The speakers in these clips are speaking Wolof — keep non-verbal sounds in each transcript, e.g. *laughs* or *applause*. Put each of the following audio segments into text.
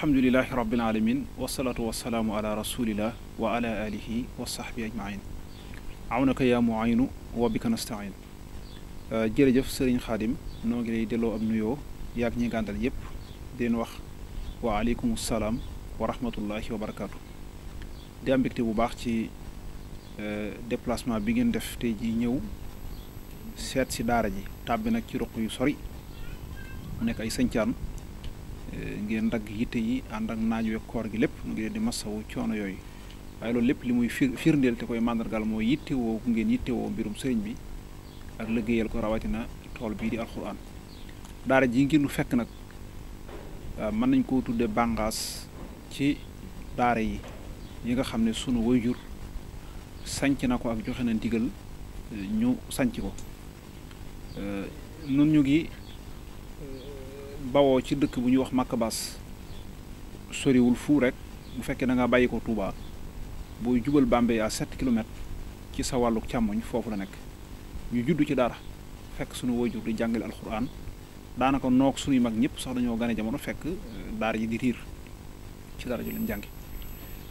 alhamdulilahi rabbil alamin wasalaatu wasalaamu ala rasulillah wa ala alihi wa sahbi awnaka yaa muaynu wa bika nastain euh, jërëjëf sëriñ xaadim noo lay delloo am nuyoo yaag ñi gàndal yépp deen wax wa aleykum salaam wa wa barakaatu di am bu baax ci euh, déplacement bi ngeen def tey ji ñëw seet si daara ji tàbbi nag ci ruq yu sori mu nekk ay sëncaan Eh, ngeen dagg yitte yi ànd ak naaj wi koor gi lépp mu ngi leen di masawu coono yooyu waaye loolu lépp li muy fiir firndeel te koy màndargaal mooy yitte woo ku ngeen yitte woo mbirum sëriñ bi ak liggéeyal ko rawatina tool bii di alxuraan daara ji ngir nu fekk nag ah, mën nañ koo tudde bangaas ci daara yi yi nga xam ne sunu wayjur sanc na ko ak joxe na ndigal eh, ñu sanc ko eh, nun ñu ngi bawoo ci dëkk bu ñuy wax Makka Baas soriwul fu rek bu fekkee da nga bàyyi ko Touba booy jubal Bambey à 7 ci sa wàllu càmmoñ foofu la nekk ñu judd ci daara fekk suñu waajur di jàngale alxuraan daanaka noog suñuy mag ñëpp sox dañoo gane jamono fekk eh, daar yi di riir ci daara ju leen jàngi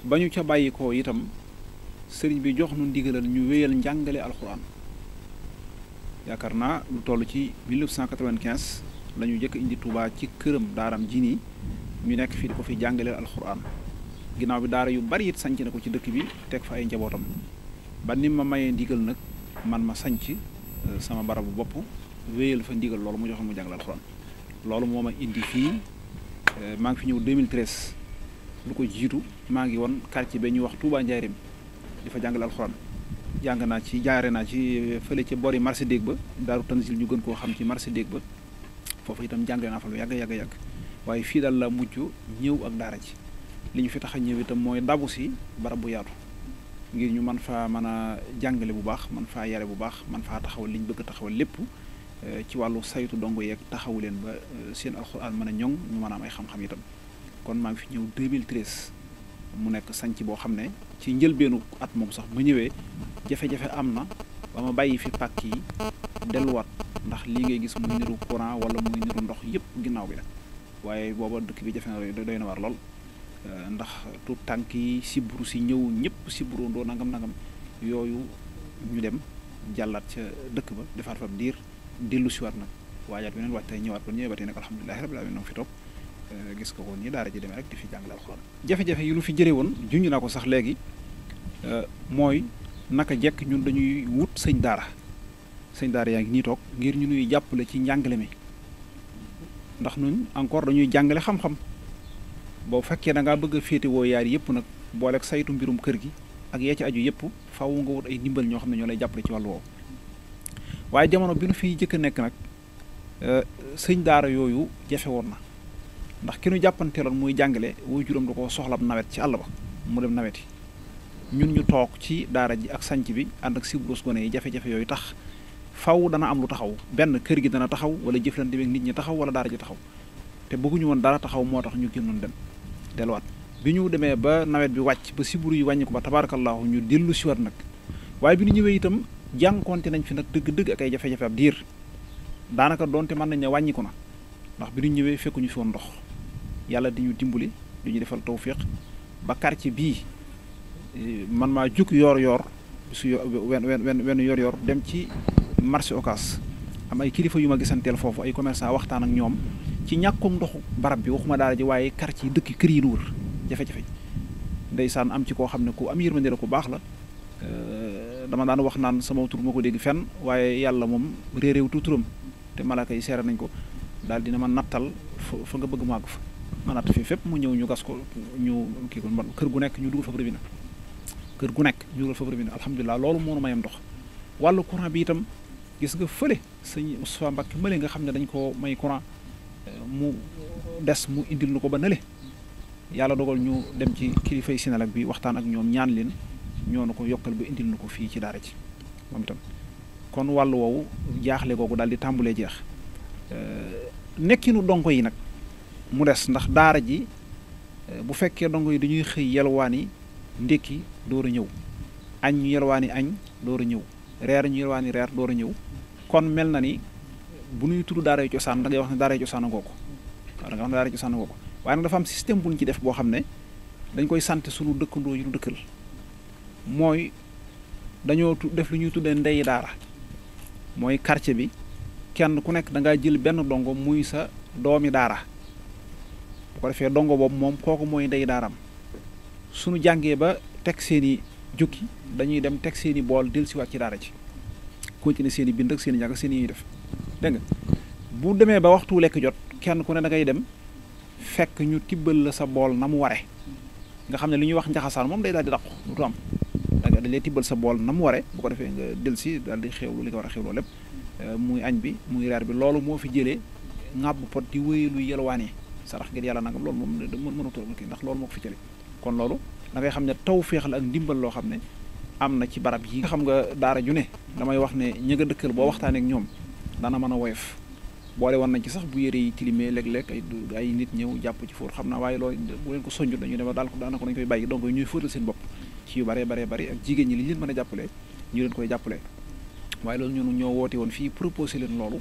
ba ñu ca bàyyi ko itam sëriñ bi jox nu ndigalal ñu wéyal njàngale alxuraan yaakaar naa lu toll ci 1995 la ñu njëkk indi Touba ci këram daaram ji nii ñu nekk fii di ko fi jàngaleel alxuraan ginnaaw bi daara yu bari it sañc na ko ci dëkk bi teg fa ay njabootam ba ni ma mayee ndigal nag man ma sanc euh, sama barabu bopp wéyal fa ndigal loolu mu joxe mu jàngal alxuraan loolu moo ma indi fii euh, maa ngi fi ñëw 2013 lu ko jiitu maa ngi woon quartier ba ñuy wax tuubaa Njaarim di fa jàngal alxuraan jàng naa ci jaare naa ci fële ca bori marché dégg ba daaru tanzil ñu gën koo xam ci marché dégg ba foofu itam jàngale naa fa lu yàgg yàgg yàgg waaye fii daal la mujj ñëw ak daara ji li ñu fi tax a ñëw itam mooy dabu si barab bu yaatu ngir ñu mën faa mën a jàngale bu baax mën faa yare bu baax man faa taxawal li ñu bëgg a taxawal lépp eh, ci wàllu saytu dongo yeeg taxawu leen ba eh, seen alxuraan mën a ñoŋ ñu mën a ay xam-xam itam kon maa ngi fi ñëw 2013 mu nekk sanc boo xam ne ci njëlbeenu at moom sax ma ñëwee jafe-jafe am na ba ma bàyyi fi pàkk yi delluwaat ndax lii ngay gis muy niru courant wala muy niru ndox yépp ginnaaw bi la waaye booba dëkk bi jafe na doy na war lool euh, ndax tout tànk yi sibru si ñëw ñépp sibruondoo nangam nangam yooyu ñu dem jàllaat ca dëkk ba defaat fab diir dellu siwaat nag waajaat beneen waaj tey ñëwaat ba ñëwee ba tey nag alhamdulilahi rabbil alamin fi toog euh, gis ko woon nii daara ji deme rek di fi jàngale alxuraan jafe-jafe yi lu fi jëre woon junj naa ko sax léegi euh, mooy naka jekk ñun dañuy wut sëñ daara sëñ daara yaa ngi nii toog ngir ñu nuy jàppale ci njàngale mi ndax nun encore dañuy jàngale xam-xam boo fekkee da ngaa bëgg a féetewoo yaar yëpp nag booleeg saytu mbirum kër gi ak yee ci aju yëpp faaw nga wut ay ndimbal ñoo xam ne ñoo lay jàppale ci wàllu woowu waaye jamono bi nu fi jëkk nekk nag euh, sëñ daara yooyu jafe woon na ndax ki nu jàppanteeloon muy jàngale wuy juróom da ko soxlab nawet ci àll ba mu dem naweti ñun ñu toog ci daara ji ak sanc bi ànd ak sibros gone yooyu tax faw dana am lu taxaw benn kër gi dana taxaw wala jëflante bi nit ñi taxaw wala daara ji taxaw te bëgguñu woon dara taxaw moo tax ñu génnoon dem delluwaat bi ñu demee ba nawet bi wàcc ba siburu yi wàññi ko ba tabaarakallaahu ñu dellu siwaat nag waaye bi ñu ñëwee itam jànkoonte nañ fi nag dëgg-dëgg ak ay jafe-jafe ab diir daanaka doonte mën nañ ne wàññiku na ndax bi ñu ñëwee fekkuñu fi woon ndox yàlla di ñu dimbali di ñu defal tawfiq ba quartier bii eh, man maa jug yoor yoor su wenn wenn wenn yor yoor dem ci marché Ocass am ay kilifa yu ma gisanteel foofu ay commerçant waxtaan ak ñoom ci ñàkkum ndoxu barab bi waxuma daara ji waaye kar yi dëkk kër yi wër jafe-jafe ndeysaan am ci koo xam ne ku am yërmande la ku baax la euh, dama daan wax naan sama tur ma ko dégg fenn waaye yàlla moom réeréewutu turam te malaaka yi seere nañ ko daal dina ma nattal fa nga bëgg màgg fa ma natt fii fépp mu ñëw ñu gas ko ñu kii ko kër gu nekk ñu dugal fa robinet kër gu nekk ñu dugal fa robinet moo nu ndox gis nga fële sëñ Moustapha Mbacke mële nga xam ne dañ koo may courant euh, mu des mu indil lu ko ba nale yàlla dogal ñu dem ci kilifay Senelec bi waxtaan ak ñoom ñaan leen ñoo na ko yokkal ba indil nu ko fii ci daara ji moom itam kon wàll woowu jaaxle googu daal di tàmbulee jeex euh, nekkinu donk yi nag mu des ndax daara ji euh, bu fekkee donko yi dañuy xëy yelwaani ndékki door a ñëw añ ñu yelwaani añ door a ñëw reer ñu yelwaani reer door a ñëw kon mel na ni bu nuy tudd daaray cosaan da ngay wax ne daaray cosaan ngoo ko waaw da nga wax ne daaray cosaan ngoo ko waaye nag dafa système bu ñu ci def boo xam ne dañ koy sant sunu dëkkandoo yu ñu dëkkal mooy dañoo def lu ñuy tuddee ndey daara mooy quartier bi kenn ku nekk da jël benn dongo muy sa doomi daara bu ko defee dongo boobu moom kooku mooy ndey daaram sunu jàngee ba teg seeni jukki dañuy dem teg seeni i bool dellu siwaat ci daara ci continuer seen bind ak seen i ñàkk seen i def dégg nga bu demee ba waxtu lekk jot kenn ku ne da ngay dem fekk ñu tibbal la sa bool na mu ware nga xam ne li ñuy wax njaxasaan moom day daal di dàqu du am da nga dañ lay sa bool na mu ware bu ko defee nga dellu si daal di xewlu li nga war a xewloo lépp euh, muy añ bi muy reer bi loolu moo fi jëlee ŋàbb pot di wéyaluy yelwaanee sarax ngir yàlla nangam loolu moom mënatu kii ndax loolu moo ko fi jëlee kon loolu da xam ne taw féex la ak ndimbal loo xam ne am na ci barab yi nga xam nga daara ju ne damay wax ne ñi nga dëkkal boo waxtaanee ak ñoom dana mën a woyof boole woon nañ ci sax bu yére yi tilimee léeg-léeg ay ay nit ñëw jàpp ci fóot xam naa waaye loolu bu leen ko soñju dañu daal ko daanaka dañ koy bàyyi donc ñuy fóotal seen bopp yu baree baree bari ak jigéen ñi li leen mën a jàppale ñu leen koy jàppale waaye loolu ñun ñoo woote woon fii proposé leen loolu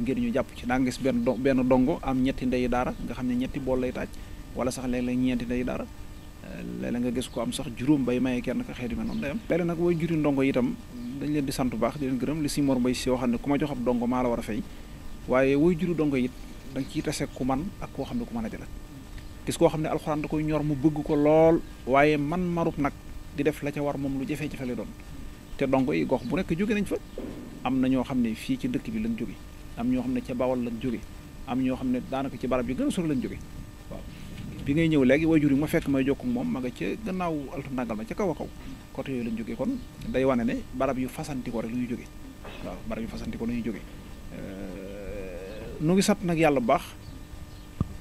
ngir ñu jàpp ci daa nga gis benn benn dongo am ñetti ndey daara nga xam ne ñetti bool lay taaj wala sax léeg-léeg ñeenti ndey daara léeg-léeg nga gis ko am sax juróom bay maye kenn ko xeet yu mel noonu day am léeg-léeg nag way juri ndongo itam dañ leen di sant bu baax leen gërëm li si mor mbay si waxam ne ku ma jox ab dongo maa la waaye way juru ndongo it da nga ciy tase ku man ak koo xam ne ku mën a jëlat gis koo xam ne alxuraan da koy ñor mu bëgg ko lool waaye man marub nag di def la ca war moom lu jafee jafe la doon te dongo yi gox bu nekk jóge nañ fa am na ñoo xam ne fii ci dëkk bi lañ jóge am ñoo xam ne ca bawal lañ jóge am ñoo xam ne daanaka ci barab yi gën a sori lañ jóge bi ngay ñëw léegi waajur yi ma fekk may jokk moom ma nga ca gannaaw altu ndàngal ma ca kaw a kaw côté yooyu lañ jógee kon day wane ne barab yu fasanti ko rek lu ñuy jógee waaw barab yu fasanti ko lu ñuy jógee euh, ngi sant nag yàlla bu baax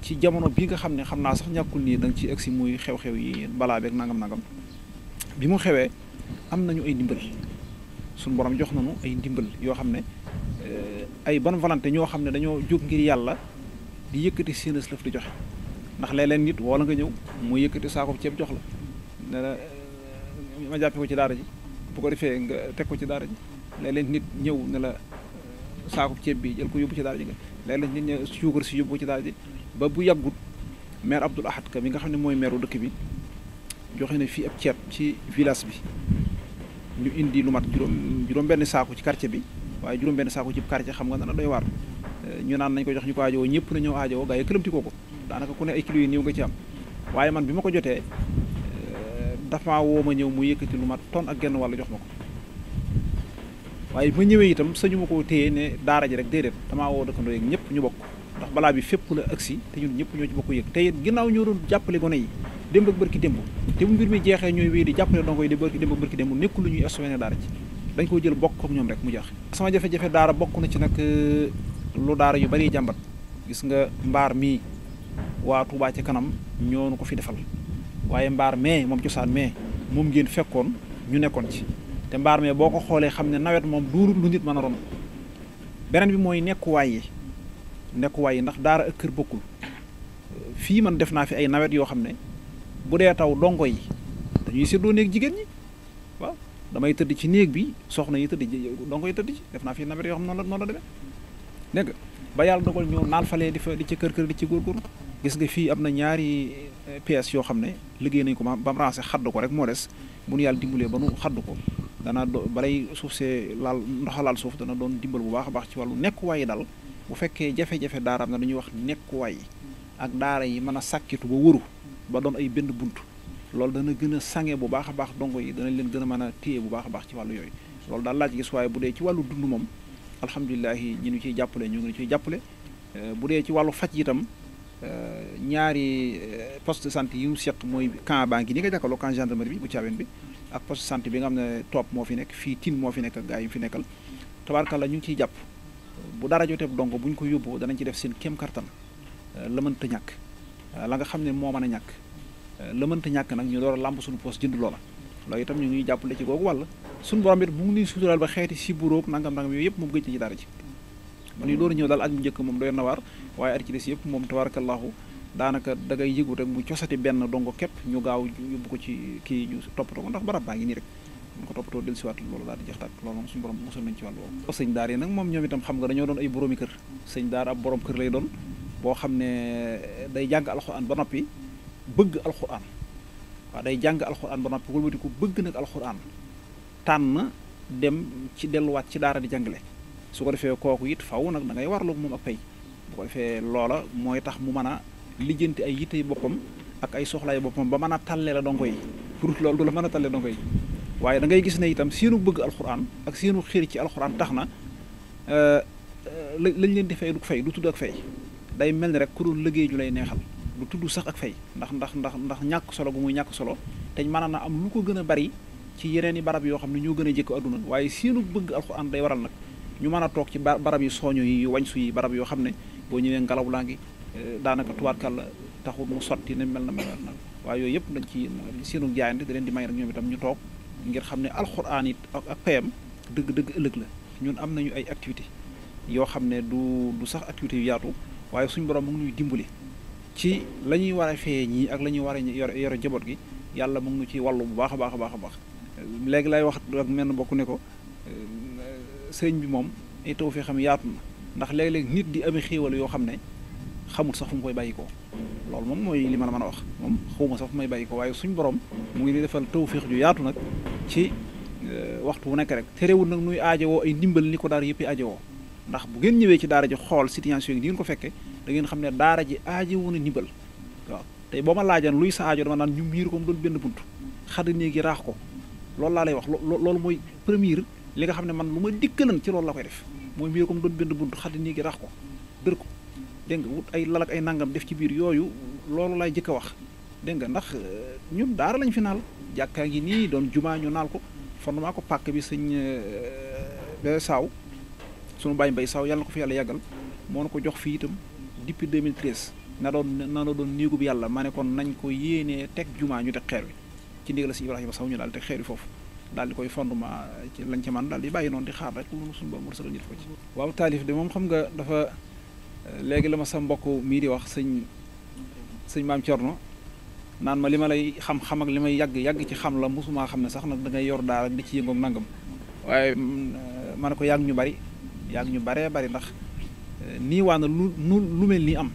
ci jamono bi nga xam ne xam naa sax ñàkkul nii da ci agsi muy xew-xew yi balaa beeg nangam-nangam bi mu xewee am nañu ay ndimbal suñu boram jox na nañu ay ndimbal yoo xam ne euh, ay ban volonté ñoo xam ne dañoo jóg ngir yàlla di yëkkati seen lëf di joxe ndax léeg nit woo la nga ñëw mu yëkkati saako ceeb jox la ne la ma jàppe ko ci daara ji bu ko defee nga teg ko ci daara ji léeg nit ñëw ne la saako ceeb bi jël ko yóbbu ci daara ji nga léeg-léeg nit ñëw suukar si yóbbu ko ci daara ji ba bu yàggut maire Abdoul Ahad Ka bi nga xam ne mooy maire dëkk bi joxe na fii ab ceeb ci village bi ñu indi lu mat juróom juróom-benn saako ci quartier bi waaye juróom-benn saako ci quartier xam nga dana doy waar ñu naan nañ ko jox ñu ko ñëpp na ñoo aajowoo gaa yi këlëmtikoo ko daanaka ku ne ay kilos yi néew nga ci am waaye man bi ma ko jotee euh, dafa woo ma ñëw mu yëkkati lu mat ton ak genn wàll jox ma ko waaye ma ñëwee itam sañu ma koo téye ne daara ji rek déedéet damaa woo dëkkandoo yeeg ñëpp ñu bokk ndax balaa bi fépp la agsi te ñun ñëpp ñoo ci bokk yëg te it ginnaaw ñoo doon jàppale gone yi démb ak bërki démb te bu mbir mi jeexee ñooy wéy di jàppale donc yi di bërki démb ak bërki démb nekkul lu ñuy assumer daara ji dañ ko jël bokk ak ñoom rek mu jeex sama jafe daara bokk na ci nag euh, lu daara yu bari jàmbat gis nga mbaar mii waa Touba ci kanam ñoo ko fi defal waaye mbaar mee moom cosaan mee moom ngeen fekkoon ñu nekkoon ci te mbaar mee boo ko xoolee xam ne nawet moom duurut lu nit mën a ron beneen bi mooy nekkuwaay yi nekkuwaay yi ndax daara ak kër bokkul fii man def naa fi ay nawet yoo xam ne bu dee taw dongo yi dañuy seddoo néeg jigéen ñi waaw damay tëdd ci néeg bi soxna yi tëdd dongo yi tëdd ci def naa fi nawet yoo xam noonu la noonu la demee dégg ba yàlla dogal naal naan falee di fa di ci kër kër di ci góorgóorlu gis nga fii am na ñaari eh, pièces yoo xam ne liggéey nañ ko ba mu rancé xadd ko rek moo des bu yàll yàlla dimbalee ba nu xadd ko dana do balay suuf see laal ndoxa laal suuf dana doon dimbal bu baax a baax ci wàllu nekkuwaay yi dal bu fekkee jafe-jafe am na dañuy wax nekkuwaay ak daara yi mën a sàkkitu ba wëru ba doon ay benn bunt loolu dana gën a sange bu baax a baax dongo yi dana leen gën a mën a téye bu baax baax ci wàllu yooyu loolu daal laaj bu dee ci dund moom alhamdulilahi ñi ñu ciy jàppale ñu ngi ciy jàppale euh, bu dee ci wàllu faj itam euh, ñaari euh, poste de santé yi mu seq mooy camp baa ngi ni nga jàkkaloo camp gendarmerie bi bu Thiawéne bi ak poste santé bi nga am ne topp moo fi nekk fii tin moo fi nekk ak gaa yi mu fi nekkal tabaarkalla ñu ngi ciy jàpp bu dara jotee donc buñ ko yóbboo danañ ci def seen kéem kartan la mënta ñàkk la nga xam ne moo mën a ñàkk la mënta ñàkk nag ñu door a làmb suñu poste jënd loola loolu itam ñu ngi jàppale ci googu wàll suñ borom it bu mu nuy suturaal ba xeeti si buróob nangam nangam yooyu yëpp moom gëj na ci dara ji man ni door a ñëw daal at mu njëkk moom doy na waar waaye at ci des yëpp moom tabarakallahu daanaka da ngay yëgu rek mu cosati benn dongo képp ñu gaaw yóbbu ko ci kii ñu toppatoo ko ndax barab baa ngi nii rek ñu ko toppatoo del siwaat loolu daal di jeex tàkk loolu moom suñu borom mosul nañ ci wàllu woowu sëñ daar yi nag moom ñoom itam xam nga dañoo borom kër lay doon boo xam ne day jàng alxuraan ba noppi bëgg alxuraan waaw day jàng alxuraan ba noppi wëlbati ko bëgg nag alxuraan tànn dem ci delluwaat ci daara di jàngale su ko defee kooku it faw nag da ngay warloog moom ak pay bu ko defee loola mooy tax mu mën a lijjanti ay yittey boppam ak ay soxlaay boppam ba mën a talle la dongo yi pour loolu du la mën a talle dongo yi waaye da ngay gis ne itam seenu bëgg alxuraan ak seenu xir ci alxuraan tax na euh, euh, lañ leen di fay du fay du tudd ak fay day mel ni rek ku dul liggéey ñu lay neexal du tudd sax ak fay ndax ndax ndax ndax ñàkk solo gu muy ñàkk solo te mën na am lu ko gën a bari ci yeneen i barab yoo xam ne ñoo gën a jëkk aduna waaye seenu bëgg alxuraan day waral nag ñu mën a toog ci barab yi sooñu yi wañ su yi barab yoo xam ne boo ñëwee ngelaw laa ngi eh, daanaka tubaarkàlla taxul mu sotti ne mel na mel na waaye yooyu yëpp dañ ci seenu jaayante da leen di may rek ñoom itam ñu toog ngir xam ne alxuraan it ak payam dëgg dëgg ëllëg la ñun am nañu ay activité yoo xam ne du du sax activité yu yaatu waaye suñu borom mu ngi ñuy dimbali ci la ñuy war a feye ñii ak la ñuy war a yore yore njaboot gi yàlla mu ngi ñu bu baax a baax baax a baax léegi lay wax ak menn bokk ne ko sëriñ bi moom ay taw fi xam yaatu na ndax léeg-léeg nit di amee xéewal yoo xam ne xamul sax fu mu koy bàyyi ko loolu moom mooy li ma la mën a wax moom xawma sax fu may bàyyi ko waaye suñ borom mu ngi ni defal tawféex ju yaatu nag ci euh, waxtu wu nekk rek terewul nag nuy aajowoo ay ndimbal ni ko daara yëpp aajowoo ndax bu ngeen ñëwee ci daara ji xool situation yi di ngeen ko fekkee da ngeen xam ne daara ji aajowoo na ndimbal waaw tey boo ma laajaan luy sa aajo dama naan ñu miir ko mu doon benn bunt xada néegi raax ko loolu laa lay wax loolu mooy première li nga xam ne man lu ma dikkalan ci loolu la koy def mooy mieux comme doon bind bunt xaddi nii gi rax ko dër ko dégg nga ay lalak ay nangam def ci biir yooyu loolu laay jëkk a wax dégg nga ndax euh, ñun daara lañ fi naal jàkkaa ngi nii doon jumaa ñu naal ko fondement ko pàkk bi sëñ euh, be saaw sunu bàyyi mbay saaw yàlla na ko fi yàlla yàggal moo ne ko jox fii itam depuis 2013 na doon na doon néegu bi yàlla ma ne kon nañ ko yéenee teg jumaa ñu teg xeer wi ci ndigal si Ibrahima Sow ñu daal te teg foofu daal di koy fondement ci lañ ci man daal di bàyyi noonu di xaar rek lu suñu borom wërsëgal ñu def ko ci waaw moom xam nga dafa léegi la ma sa mbokk mii di wax sëñ sëñ maam Thierno naan ma li ma lay xam-xam ak li may yàgg yàgg ci xam la mosumaa xam ne sax nag da ngay yor daal ak di ci yëngoog nangam waaye ma ne ko yàgg ñu bari yàgg ñu baree bari ndax nii waa lu lu mel nii am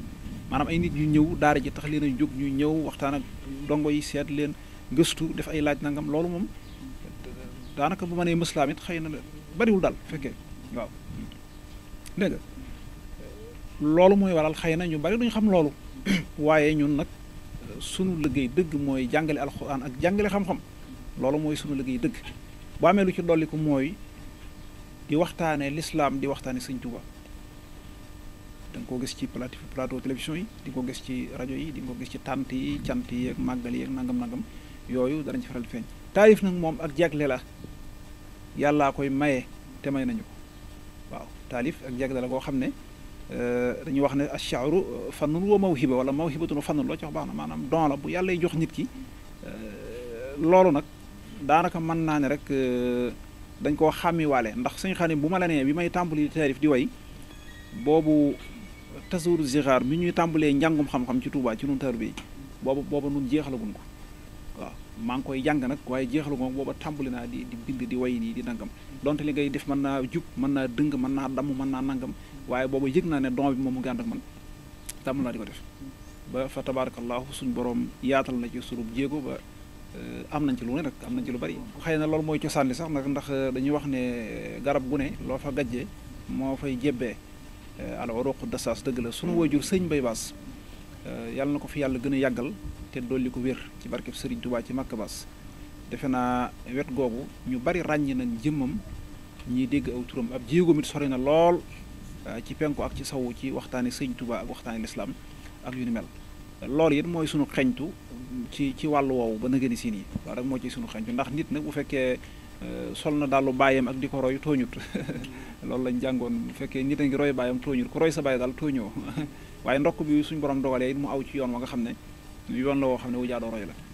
maanaam ay nit ñu ñëw daara ji tax leen jóg ñu ñëw waxtaan ak dongo yi seet leen gëstu def ay laaj nangam loolu moom daanaka bu ma nee mëslaam it xëy na bariwul daal fekkee waaw dégg loolu mooy waral xëy na ñu bari duñu xam loolu *clears throat* waaye ñun nag sunu liggéey dëgg mooy jàngale alxuraan ak jàngale xam-xam loolu mooy sunu liggéey dëgg boo amee lu ci dolliku mooy di waxtaanee lislaam di waxtaane sëñ Tuuba da ko gis ci plateau plateau télévision yi di ko gis ci rajo yi di ko gis ci tànt yi cant yi ak màggal yi ak nangam-nangam yooyu danañ ci faral di feeñ taarif nag moom ak jagle la yàllaa koy maye te may nañu ko waaw taalif ak jagle la koo xam ne euh, dañu wax ne ashaaru fannun wa mawhiba wala mawhibatun fannun loo ci wax baax na maanaam don la bu yàlla lay jox nit ki euh, loolu nag daanaka mën naa ne rek euh, dañ koo xàmmiwaale ndax suñu xam ne bu ma la nee bi may tàmbali taarif di way boobu tasawur zixaar bi ñuy tàmbalee njàngum xam-xam ci Tuubaa ci nun taar bi boobu booba nun jeexalagun ko maa ngi koy jàng nag waaye jeexalu moom booba tàmbali naa di di bind di way nii di nangam donte li ngay def mën naa jub mën naa dëng mën naa damm mën naa nangam waaye booba yëg naa ne don bi moom mu ngi ànd ak man tàmbali naa di ko def ba fa tabarakallahu suñ borom yaatal na ci surub jéego ba eh, am nañ ci lu ne nag am nañ ci lu bari xëy na loolu mooy cosaan li sax nag ndax eh, dañuy wax ne garab gu ne loo fa gajjee moo fay jébbee eh, al uruq dasaas dëgg la sunu wajur sëñ Mbay Baas Eh, yàlla na ko fi yàlla gën a yàggal te dolli ko wér ci barkeb Serigne Touba ci Makabas defe naa wet googu ñu bari ràññi na jëmmam ñiy dégg aw turam ab jéegoom it sori na lool eh, ci penku ak ci sawu ci waxtaani Serigne Touba ak waxtaani lislaam ak yu ni mel loolu it mooy sunu xeñtu ci ci wàllu woowu ba na gën a siin yi loolu rek moo ci sunu xeñtu ndax nit nag bu fekkee eh, sol na daal lu bàyyam ak di ko roy tooñut *laughs* loolu lañ jàngoon bu fekkee nit a ngi roy bàyyam tooñut ku sa bàyyi daal tooñoo *laughs* waaye ndokk bi suñ borom dogalee it mu aw ci yoon wa nga xam ne yoon la woo xam ne wu jaadoo roy la